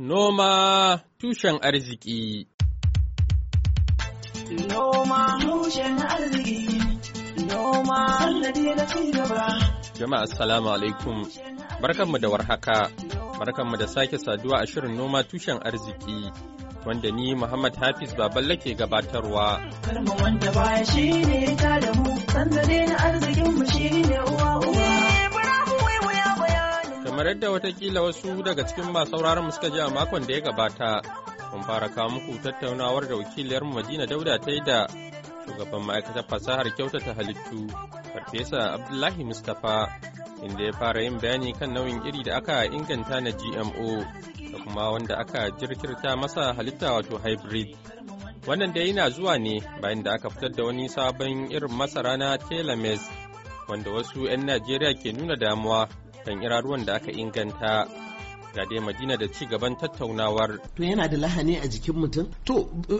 Noma tushen arziki Noma tushen arziki Noma Jama'a assalamu alaikum barkanmu da warhaka barkanmu da sake saduwa a shirin noma tushen arziki wanda ni Muhammad Hafiz Baballe ke gabatarwa. Karma wanda baya shi ne ta da mu, na arzikin mu shi ne uwa uwa. kamar yadda watakila wasu daga cikin masu sauraron mu suka ji a makon da ya gabata mun fara kawo muku tattaunawar da wakiliyar mu Madina Dauda ta yi da shugaban ma'aikatar fasahar kyautata halittu Farfesa Abdullahi Mustapha inda ya fara yin bayani kan nauyin iri da aka inganta na GMO da kuma wanda aka jirkirta masa halitta wato hybrid. Wannan da yana zuwa ne bayan da aka fitar da wani sabon irin masara na telemes wanda wasu 'yan Najeriya ke nuna damuwa kan iraruwan da aka inganta ga dai madina da ci gaban tattaunawar to yana da lahani a jikin mutum to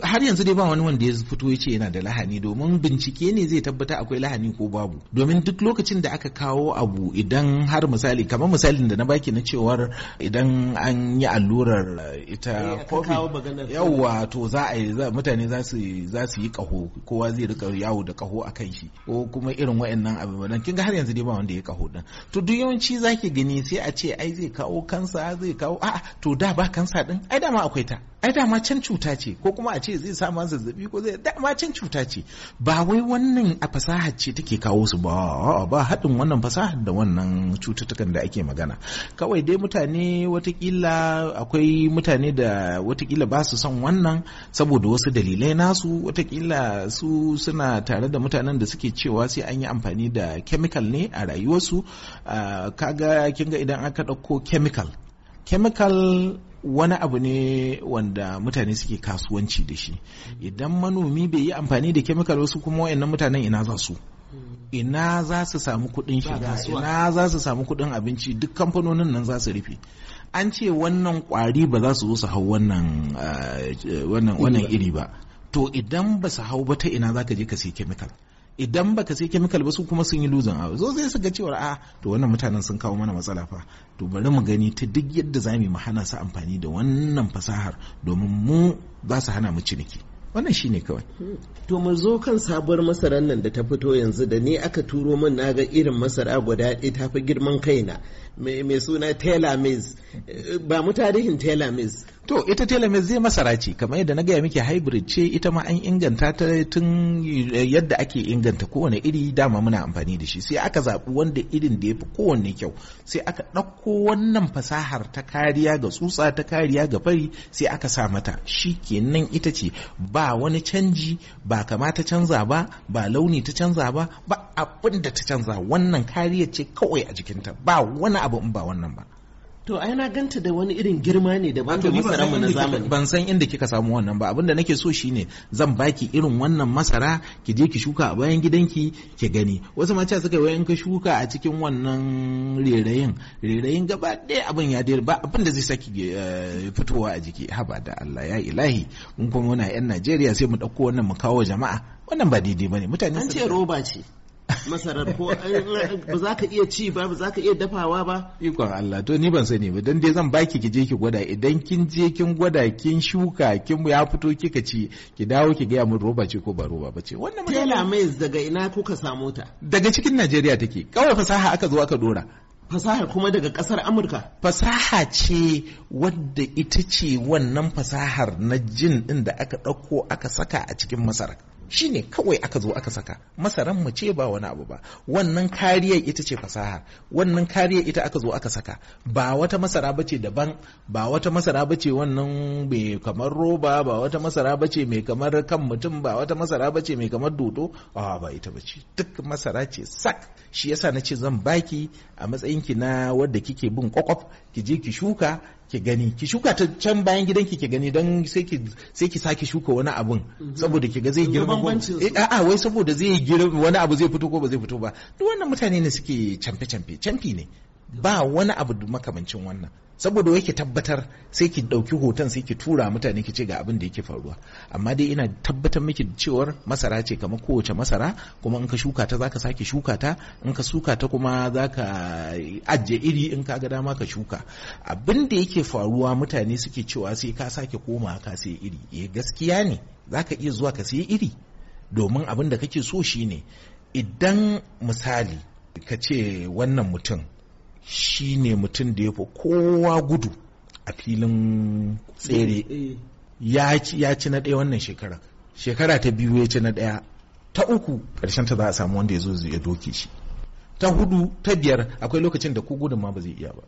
har yanzu dai ba wani wanda ya fito ya ce yana da lahani domin bincike ne zai tabbata akwai lahani ko babu domin duk lokacin da aka kawo abu idan har misali kamar misalin da na baki na cewar idan an yi allurar eh, ita eh, covid yawa to za a yi mutane za su za su yi kaho kowa zai rika yawo da kaho a kan shi ko kuma irin wayannan abubuwan kin ga har yanzu dai ba wanda ya kaho din to duk yawanci zaki gani sai a ce ai zai kawo kansa zai kawo a'a to da ba kansa din ai dama akwai ta ai dama can cuta ce ko kuma a ce zai sa ma zazzabi ko zai dama can cuta ce ba wai wannan a fasahar ce take kawo su ba ba haɗin wannan fasaha da wannan cututtukan da ake magana kawai dai mutane watakila akwai mutane da watakila ba su son wannan saboda wasu dalilai nasu watakila su suna tare da mutanen da suke cewa sai an yi amfani da chemical ne a rayuwarsu ah, kaga kinga idan aka ɗauko chemical chemical wani abu ne wanda mutane suke kasuwanci da shi idan manomi bai yi amfani da chemical wasu kuma wayannan mutanen ina za su ina za su samu kuɗin shiga ina za su samu kudin abinci duk kamfanonin nan za su rufe an ce wannan kwari ba za su zo su hau wannan eh, iri ba to idan ba su hau ba ta ina za ka je ka sai chemical idan baka sai chemical ba su kuma sun yi luzon abu so zai suka cewa a ah, to wannan mutanen sun kawo mana matsala fa to bari mu gani ta duk yadda za mu hana su amfani da wannan fasahar domin mu za su hana mu ciniki wannan shine kawai to mu zo kan sabuwar masarar nan da ta fito yanzu da ni aka turo min naga irin masara guda ɗaya ta fi girman kaina mai suna taylor maize ba mu tarihin taylor maize to ita taylor maize zai masara ce kamar yadda na gaya miki hybrid ce ita ma an inganta ta tun yadda ake inganta kowane iri dama muna amfani da shi sai aka zaɓi wanda irin da ya fi kowanne kyau sai aka ɗauko wannan fasahar ta kariya ga tsutsa ta kariya ga fari sai aka sa mata shi kenan ita ce ba wani canji ba kama ta canza ba ba launi ta canza ba ba abin da ta canza wannan kariya ce kawai a jikinta ba wani abu in ba wannan ba to ai na ganta da wani irin girma ne da baka masara mu na zamani ban san inda kika samu wannan ba abinda nake so shine zan baki irin wannan masara ki je ki shuka a bayan gidanki ki gani wasu mata suka yi wayan ka shuka a cikin wannan rerayin rerayin gaba ɗaya abin ya dai ba abin zai saki eh, fitowa a jiki haba da Allah ya ilahi mun kuma muna yan Najeriya sai mu ɗauko wannan mu kawo jama'a wannan ba daidai bane mutane an ce roba ce masarar ko ba za ka iya ci ba ba za ka iya dafawa ba ikon Allah to ni ban sani ba dan dai zan baki ki je ki gwada idan kin je kin gwada kin shuka kin ya fito kika ci ki dawo ki gaya mun roba ce ko ba roba ba ce wannan tela mai daga ina kuka samu ta daga cikin Najeriya take kawai fasaha aka zo aka dora fasaha kuma daga kasar amurka fasaha ce wadda ita ce wannan fasahar na jin din da aka ɗauko aka saka a cikin masarar. shine kawai aka zo aka saka masaran mu ce ba wani abu ba wannan kariya ita ce fasaha wannan kariya ita aka zo aka saka ba wata masara bace daban ba wata masara bace wannan mai kamar roba ba wata masara bace mai kamar kan mutum ba wata masara bace mai kamar dodo a ba ita bace duk masara ce sak shi yasa na ce zan baki a matsayinki na wadda kike bin kwakwaf ki je ki shuka ki gani ki shuka ta can bayan gidan ki gani don sai ki sai ki shuka wani abun mhm. saboda ki ga zai girma ko eh, a'a wai saboda zai girma wani abu zai fito ko ba zai fito ba duk wannan mutane ne suke camfe camfe camfi ne ba wani abu makamancin wannan saboda yake tabbatar sai ki ɗauki hoton sai ki tura mutane ki ce ga abin da yake faruwa amma dai ina tabbatar miki da cewar masara ce kamar kowace masara kuma in ka shuka ta zaka sake shuka ta in ka shuka ta kuma zaka ajiye iri in ka ga dama ka shuka abin da yake faruwa mutane suke cewa sai ka sake koma ka sai iri eh gaskiya ne zaka iya zuwa ka sai iri domin abin da kake so shine idan misali ka ce wannan mutum shi ne mutum da ya fi kowa gudu a filin tsere eh. ya ci na ɗaya wannan shekara shekara ta biyu ya ci na ɗaya ta uku ƙarshen ta za a samu wanda ya zo ya doke shi ta hudu ta biyar akwai lokacin da ko gudun ma ba zai iya ba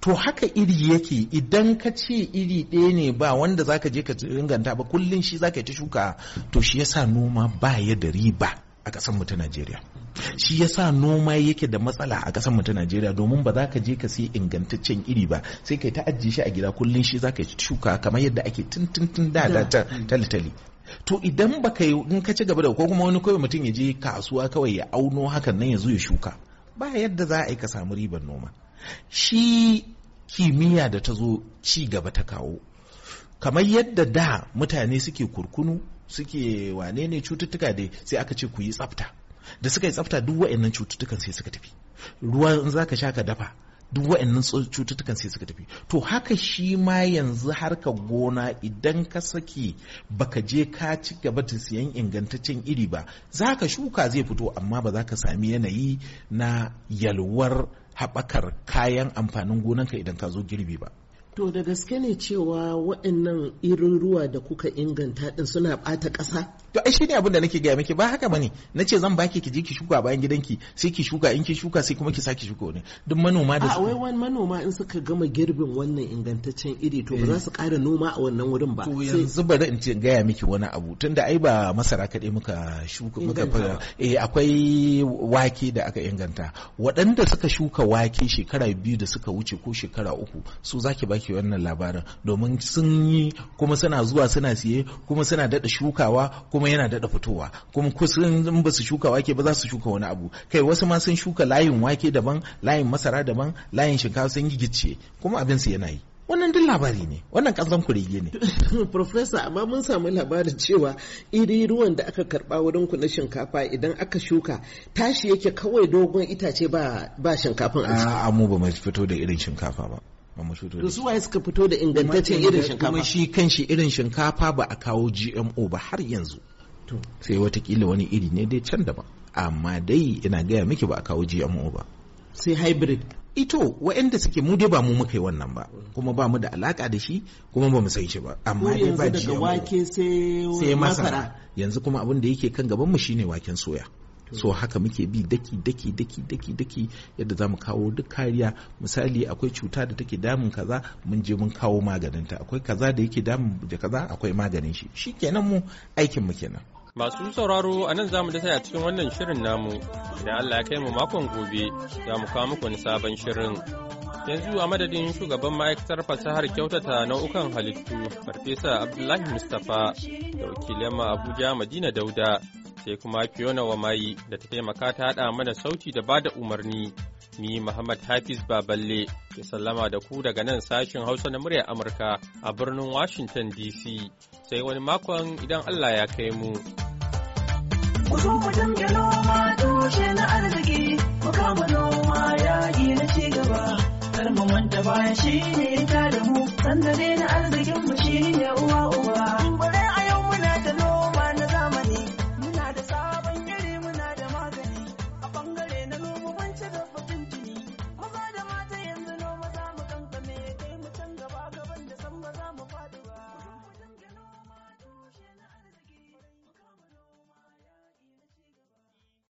to haka iri yake idan ka ce iri ɗaya ne ba wanda zaka je ka inganta ba kullum shi zaka yi ta shuka to shi yasa noma ba ya da riba a ƙasar mu ta Najeriya shi yasa noma yake da matsala a ƙasar mu ta Najeriya domin ba za ka je ka sai ingantaccen iri ba sai ka ta ajiye shi a gida kullum shi za zaka shuka kamar yadda ake tuntuntun da da talitali mm. to idan baka yi in ka ci gaba da ko kuma wani kawai mutum ya je kasuwa kawai ya auno hakan nan ya zo ya shuka ba yadda za a yi ka samu ribar noma shi kimiyya da ta zo ci gaba ta kawo kamar yadda da mutane suke kurkunu suke wane ne cututtuka dai sai aka ce ku yi tsafta da suka yi tsafta duk wa'annan cututtukan sai suka tafi ruwa in ka sha ka dafa duk wa'annan cututtukan sai suka tafi to haka shi ma yanzu harka gona idan ka saki baka je ka ci gaba da siyan ingantaccen iri ba za ka shuka zai fito amma ba za ka sami yanayi na yalwar haɓakar kayan amfanin gonanka idan ka zo girbi ba To da gaske ne cewa waɗannan irin ruwa da kuka inganta din suna ɓata ƙasa? To ai shine abin da nake gaya miki ba haka bane nace zan baki ki je ki shuka bayan gidanki sai ki shuka in ki shuka sai kuma ki saki shuka wani duk manoma da su. wai wani manoma in suka gama girbin wannan ingantaccen iri to ba za eh. su ƙara noma a wannan wurin ba. To yanzu bari in ce gaya miki wani abu tunda ai ba masara kaɗai muka shuka muka eh akwai wake da aka inganta waɗanda suka shuka wake shekara biyu da suka wuce ko shekara uku su zaki ba ake wannan labarin domin sun yi kuma suna zuwa suna siye kuma suna dada shukawa kuma yana dada fitowa kuma kusan in ba su shuka wake ba za su shuka wani abu kai wasu ma sun shuka layin wake daban layin masara daban layin shinkafa sun gigice kuma abin su yana yi wannan duk labari ne wannan kasan kurege ne professor amma mun samu labarin cewa iri ruwan da aka karba wurin ku na shinkafa idan aka shuka tashi yake kawai dogon itace ba shinkafin a ciki a mu ba mai fito da irin shinkafa ba ba mu fito da su waye suka fito da ingantaccen irin shinkafa kuma shi kanshi irin shinkafa ba a kawo GMO ba har yanzu sai watakila wani iri ne dai can daban amma dai ina gaya miki ba a kawo GMO ba sai hybrid ito waɗanda suke mu dai ba mu muka yi wannan ba kuma ba mu da alaka da shi kuma ba mu san shi ba amma dai ba GMO sai masara yanzu kuma abin da yake kan gaban mu shine waken soya so haka muke bi daki daki daki daki daki yadda zamu kawo duk kariya misali akwai cuta da take damun kaza mun je mun kawo maganin ta akwai kaza da yake damun da kaza akwai maganin shi shikenan mu aikin mu kenan Masu sauraro a nan zamu dasa a cikin wannan shirin namu, idan Allah ya kai mu makon gobe za mu kawo muku wani sabon shirin. Yanzu a madadin shugaban ma'aikatar fasahar kyautata nau'ukan halittu, Farfesa Abdullahi Mustapha da wakilin Abuja Madina Dauda. sai kuma Fiona Wamayi da ta taimaka ta haɗa mana sauti da bada umarni. Ni Muhammad Hafiz Baballe ke sallama da ku daga nan sashen Hausa na muryar Amurka a birnin Washington DC. Sai wani makon idan Allah ya kai mu. Ku zo mu noma tushe na arziki, ku kama noma yaƙi na ci gaba. Kalmar baya shi ne ta da mu, sandare na arzikin mu shi ne uwa uba.